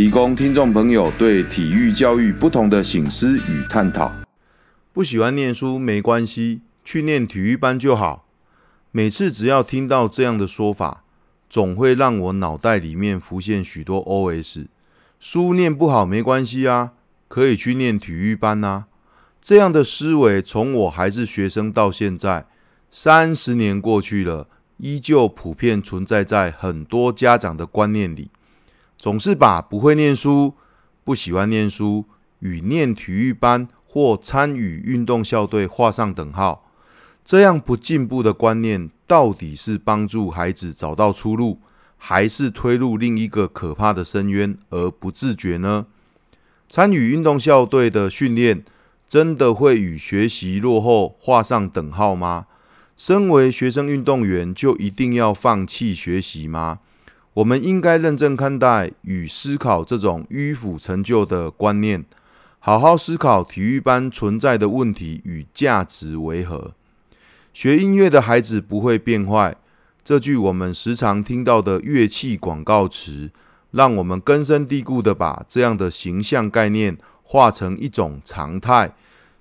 提供聽眾朋友對體育教育不同的省思與探討。不喜歡念書沒關係，去念體育班就好。每次只要聽到這樣的說法，總會讓我腦袋裡面浮現許多 OS。書念不好沒關係啊，可以去念體育班啊。這樣的思維，從我還是學生到現在，三十年過去了，依舊普遍存在在很多家長的觀念裡。總是把不會念書、不喜歡念書與念體育班或參與運動校隊畫上等號，這樣不進步的觀念到底是幫助孩子找到出路，還是推入另一個可怕的深淵而不自覺呢？參與運動校隊的訓練真的會與學習落後畫上等號嗎？身為學生運動員就一定要放棄學習嗎？我們應該認真看待與思考這種迂腐陳舊的觀念，好好思考體育班存在的問題與價值為何。學音樂的孩子不會變壞，這句我們時常聽到的樂器廣告詞，讓我們根深蒂固地把這樣的形象概念化成一種常態，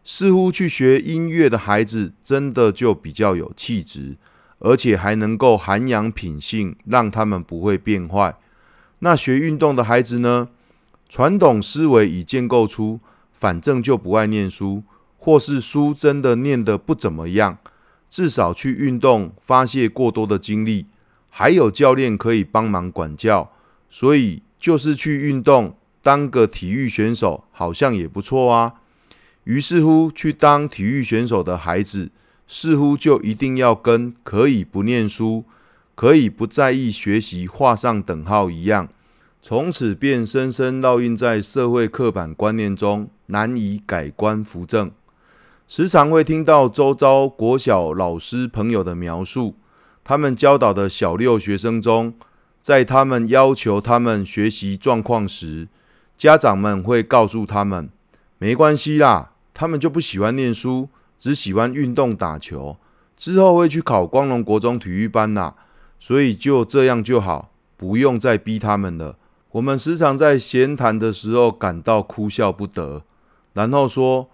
似乎去學音樂的孩子真的就比較有氣質。而且還能夠涵養品性，讓他們不會變壞。那學運動的孩子呢？傳統思維已建構出，反正就不愛念書，或是書真的念得不怎麼樣。至少去運動發洩過多的精力，還有教練可以幫忙管教。所以就是去運動，當個體育選手好像也不錯啊。於是乎，去當體育選手的孩子，似乎就一定要跟可以不念書、可以不在意學習畫上等號一樣，從此便深深烙印在社會刻板觀念中，難以改觀扶正。時常會聽到周遭國小老師朋友的描述，他們教導的小六學生中，在他們要求他們學習狀況時，家長們會告訴他們：“沒關係啦，他們就不喜歡念書。”只喜歡運動打球，之後會去考光榮國中體育班吶、啊，所以就這樣就好，不用再逼他們了。我們時常在閒談的時候感到哭笑不得，然後說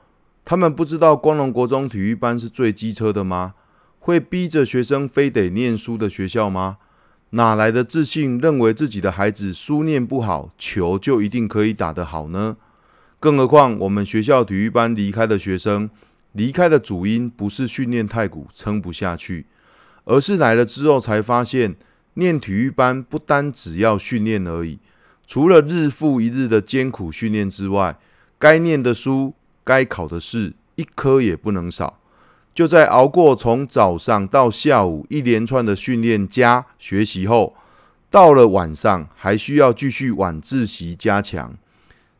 他們不知道光榮國中體育班是最機車的嗎？會逼着學生非得念書的學校嗎？哪來的自信認為自己的孩子書念不好，球就一定可以打得好呢？更何況我們學校體育班離開的學生。離開的主因不是訓練太苦撐不下去，而是來了之後才發現，念體育班不單只要訓練而已，除了日復一日的艱苦訓練之外，該唸的書、該考的試，一科也不能少。就在熬過從早上到下午一連串的訓練加學習後，到了晚上還需要繼續晚自習加強。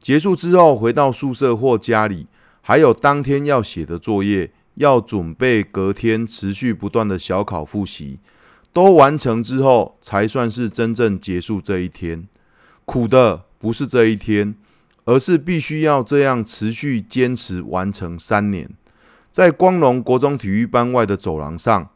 結束之後回到宿舍或家裡。還有當天要寫的作業，要準備隔天持續不斷的小考復習，都完成之後，才算是真正結束這一天。苦的不是這一天，而是必須要這樣持續堅持完成三年。在光榮國中體育班外的走廊上，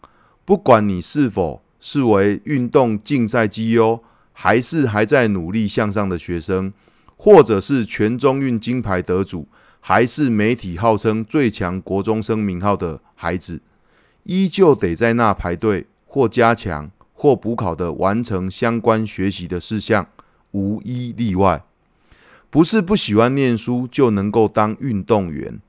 不管你是否是為運動競賽績優，還是還在努力向上的學生，或者是全中運金牌得主。還是媒體號稱最強國中生名號的孩子，依舊得在那排隊或加強或補考的完成相關學習的事項，無一例外。不是不喜歡念書就能夠當運動員。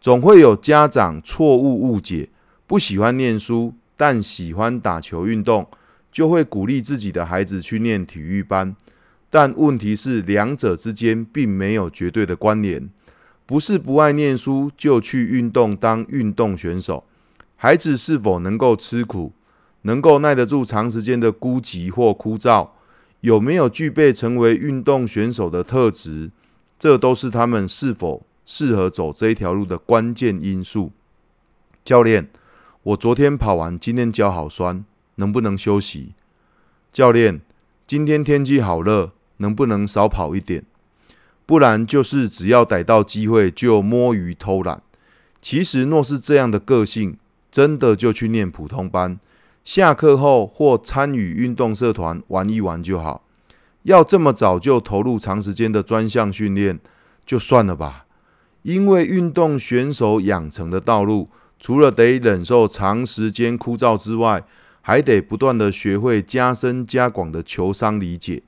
總會有家長錯誤誤解，不喜歡念書但喜歡打球運動，就會鼓勵自己的孩子去念體育班。但問題是，兩者之間並沒有絕對的關聯。不是不愛念書就去運動當運動選手，孩子是否能夠吃苦，能夠耐得住長時間的孤寂或枯燥，有沒有具備成為運動選手的特質，這都是他們是否適合走這一條路的關鍵因素。教練，我昨天跑完，今天腳好酸，能不能休息？教練，今天天氣好熱，能不能少跑一點？不然就是只要逮到機會就摸魚偷懶。其實若是這樣的個性，真的就去念普通班，下課後或參與運動社團玩一玩就好。要這麼早就投入長時間的專項訓練，就算了吧。因為運動選手養成的道路，除了得忍受長時間枯燥之外，還得不斷的學會加深加廣的球商理解，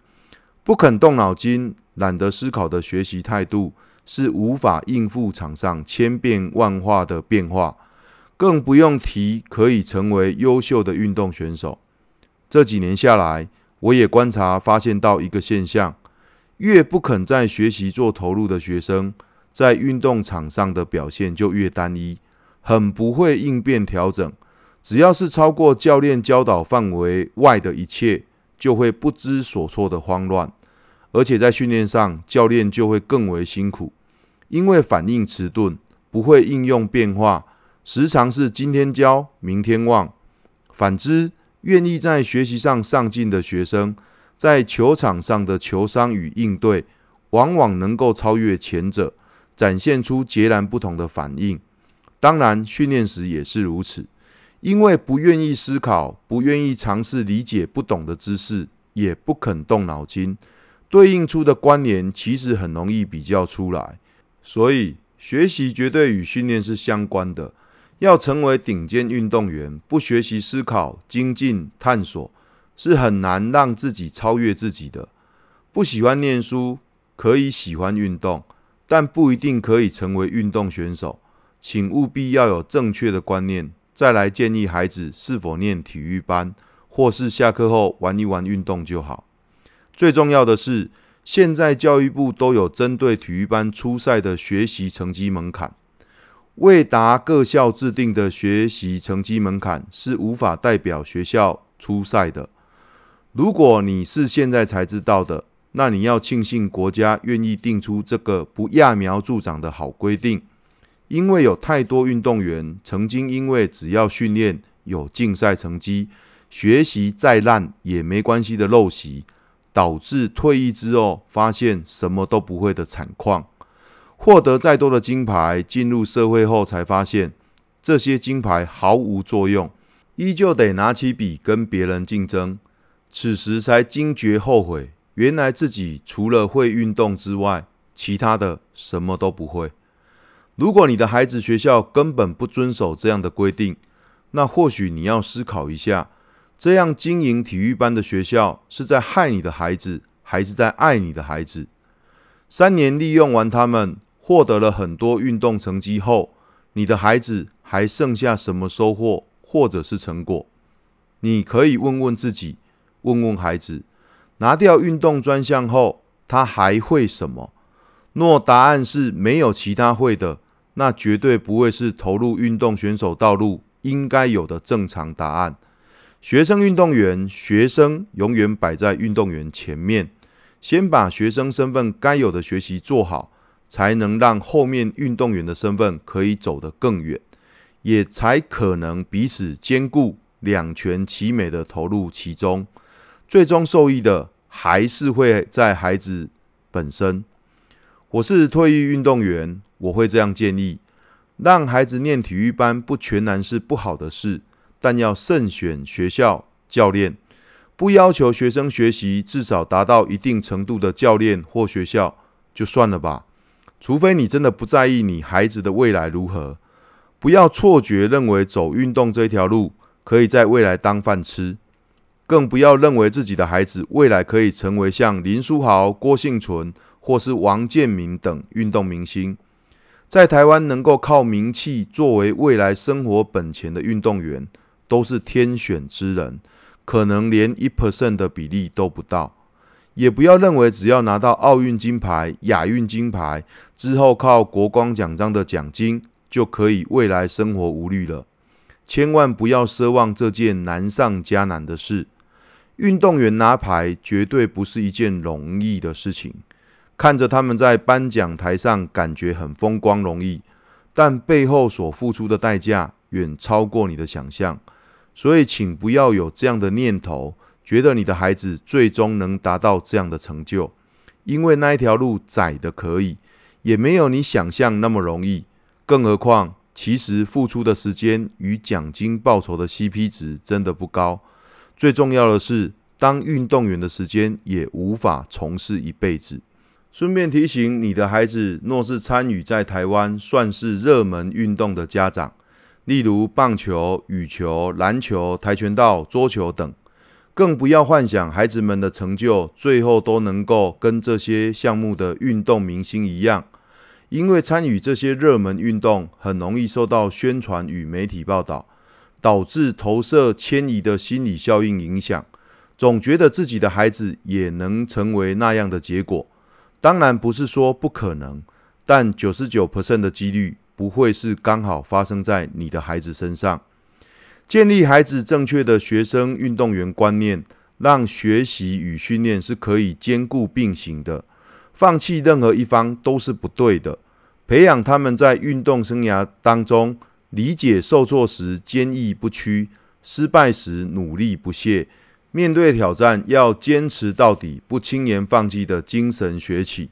不肯動腦筋，懶得思考的學習態度是無法應付場上千變萬化的變化，更不用提可以成為優秀的運動選手。這幾年下來，我也觀察發現到一個現象：越不肯在學習做投入的學生，在運動場上的表現就越單一，很不會應變調整。只要是超過教練教導範圍外的一切，就會不知所措的慌亂。而且在訓練上，教練就會更為辛苦，因為反應遲鈍，不會應用變化，時常是今天教，明天忘。反之，願意在學習上上進的學生，在球場上的球商與應對，往往能夠超越前者，展現出截然不同的反應。當然，訓練時也是如此，因為不願意思考，不願意嘗試理解不懂的知識，也不肯動腦筋。對應出的關聯其實很容易比較出來，所以學習絕對與訓練是相關的。要成為頂尖運動員，不學習思考、精進探索，是很難讓自己超越自己的。不喜歡念書，可以喜歡運動，但不一定可以成為運動選手。請務必要有正確的觀念，再來建議孩子是否念體育班，或是下課後玩一玩運動就好。最重要的是，現在教育部都有針對體育班出賽的學習成績門檻。未達各校制定的學習成績門檻，是無法代表學校出賽的。如果你是現在才知道的，那你要慶幸國家願意定出這個不揠苗助長的好規定，因為有太多運動員曾經因為只要訓練有競賽成績，學習再爛也沒關係的陋習。導致退役之後發現什麼都不會的慘況，獲得再多的金牌，進入社會後才發現這些金牌毫無作用，依舊得拿起筆跟別人競爭。此時才驚覺後悔，原來自己除了會運動之外，其他的什麼都不會。如果你的孩子學校根本不遵守這樣的規定，那或許你要思考一下。這樣經營體育班的學校是在害你的孩子，還是在愛你的孩子？三年利用完他們，獲得了很多運動成績後，你的孩子還剩下什麼收穫或者是成果？你可以問問自己，問問孩子，拿掉運動專項後，他還會什麼？若答案是沒有其他會的，那絕對不會是投入運動選手道路應該有的正常答案。學生運動員，學生永遠擺在運動員前面，先把學生身份該有的學習做好，才能讓後面運動員的身份可以走得更遠，也才可能彼此兼顧，兩全其美的投入其中，最終受益的還是會在孩子本身。我是退役運動員，我會這樣建議：讓孩子念體育班，不全然是不好的事。但要慎選學校、教練，不要求學生學習至少達到一定程度的教練或學校就算了吧。除非你真的不在意你孩子的未來如何，不要錯覺認為走運動這條路可以在未來當飯吃，更不要認為自己的孩子未來可以成為像林書豪、郭婞淳或是王建民等運動明星，在台灣能夠靠名氣作為未來生活本錢的運動員。都是天選之人，可能連一 percent 的比例都不到。也不要認為只要拿到奧運金牌、亞運金牌之後，靠國光獎章的獎金就可以未來生活無慮了。千萬不要奢望這件難上加難的事。運動員拿牌絕對不是一件容易的事情。看着他們在頒獎台上感覺很風光、容易，但背後所付出的代價遠超過你的想象。所以，請不要有這樣的念頭，覺得你的孩子最終能達到這樣的成就，因為那一條路窄得可以，也沒有你想象那麼容易。更何況，其實付出的時間與獎金報酬的 CP 值真的不高。最重要的是，當運動員的時間也無法從事一輩子。順便提醒你的孩子，若是參與在台灣算是熱門運動的家長。例如棒球、羽球、籃球、跆拳道、桌球等，更不要幻想孩子們的成就最後都能夠跟這些項目的運動明星一樣，因為參與這些熱門運動很容易受到宣傳與媒體報道，導致投射遷移的心理效應影響，總覺得自己的孩子也能成為那樣的結果。當然不是說不可能，但九十九%的幾率。不會是剛好發生在你的孩子身上。建立孩子正確的學生運動員觀念，讓學習與訓練是可以兼顧並行的，放棄任何一方都是不對的。培養他們在運動生涯當中，理解受挫時堅毅不屈，失敗時努力不懈，面對挑戰要堅持到底，不輕言放棄的精神，學起。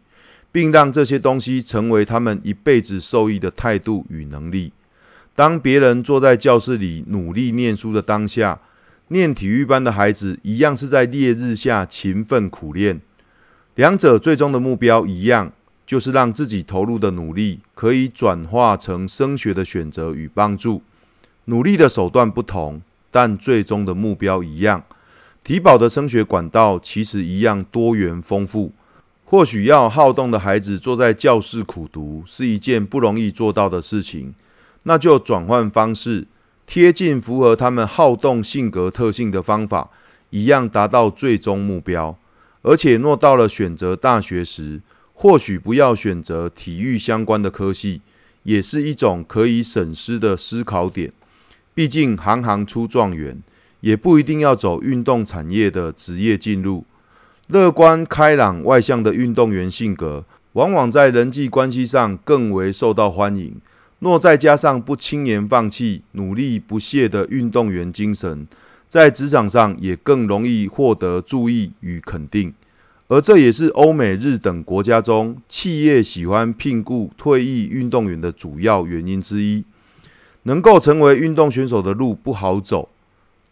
並讓這些東西成為他們一輩子受益的態度與能力。當別人坐在教室裡努力念書的當下，念體育班的孩子一樣是在烈日下勤奮苦練。兩者最終的目標一樣，就是讓自己投入的努力可以轉化成升學的選擇與幫助。努力的手段不同，但最終的目標一樣。體保的升學管道其實一樣多元豐富。或許要好動的孩子坐在教室苦讀是一件不容易做到的事情，那就轉換方式，貼近符合他們好動性格特性的方法，一樣達到最終目標。而且，若到了選擇大學時，或許不要選擇體育相關的科系，也是一種可以省思的思考點。畢竟，行行出狀元，也不一定要走運動產業的職業進入。樂觀開朗、外向的運動員性格，往往在人際關係上更為受到歡迎。若再加上不輕言放棄、努力不懈的運動員精神，在職場上也更容易獲得注意與肯定。而這也是歐美日等國家中企業喜歡聘雇退役運動員的主要原因之一。能夠成為運動選手的路不好走。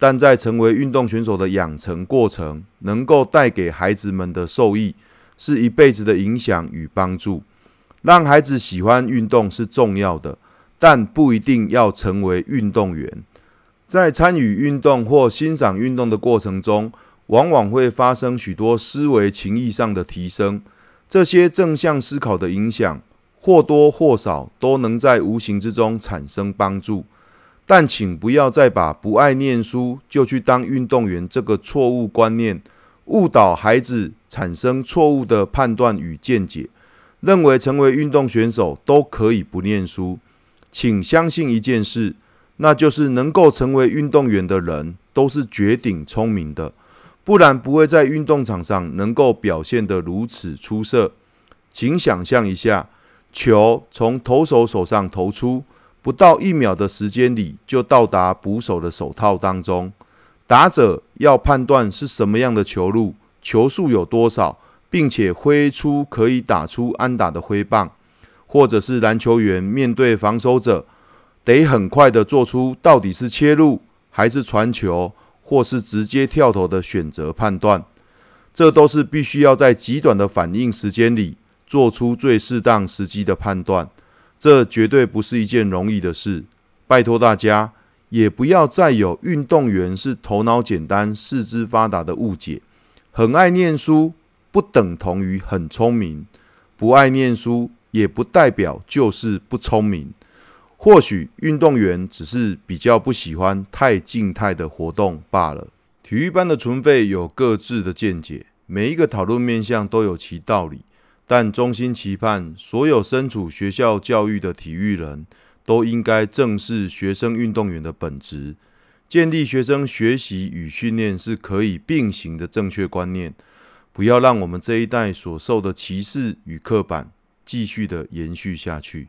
但在成為運動選手的養成過程，能夠帶給孩子們的受益是一輩子的影響與幫助。讓孩子喜歡運動是重要的，但不一定要成為運動員。在參與運動或欣賞運動的過程中，往往會發生許多思維、情意上的提升。這些正向思考的影響，或多或少都能在無形之中產生幫助。但請不要再把不愛念書就去當運動員這個錯誤觀念誤導孩子，產生錯誤的判斷與見解，認為成為運動選手都可以不念書。請相信一件事，那就是能夠成為運動員的人都是絕頂聰明的，不然不會在運動場上能夠表現得如此出色。請想象一下，球從投手手上投出。不到一秒的時間裡就到達捕手的手套當中，打者要判斷是什麼樣的球路，球速有多少，並且揮出可以打出安打的揮棒，或者是籃球員面對防守者，得很快的做出到底是切入還是傳球，或是直接跳投的選擇判斷，這都是必須要在極短的反應時間裡做出最適當時機的判斷。這絕對不是一件容易的事，拜托大家也不要再有運動員是頭腦簡單、四肢發達的誤解。很愛唸書不等同於很聰明，不愛唸書也不代表就是不聰明。或許運動員只是比較不喜歡太靜態的活動罷了。體育班的存廢有各自的見解，每一個討論面向都有其道理。但衷心期盼，所有身處學校教育的體育人都應該正視學生運動員的本質，建立學生學習與訓練是可以並行的正確觀念，不要讓我們這一代所受的歧視與刻板繼續的延續下去。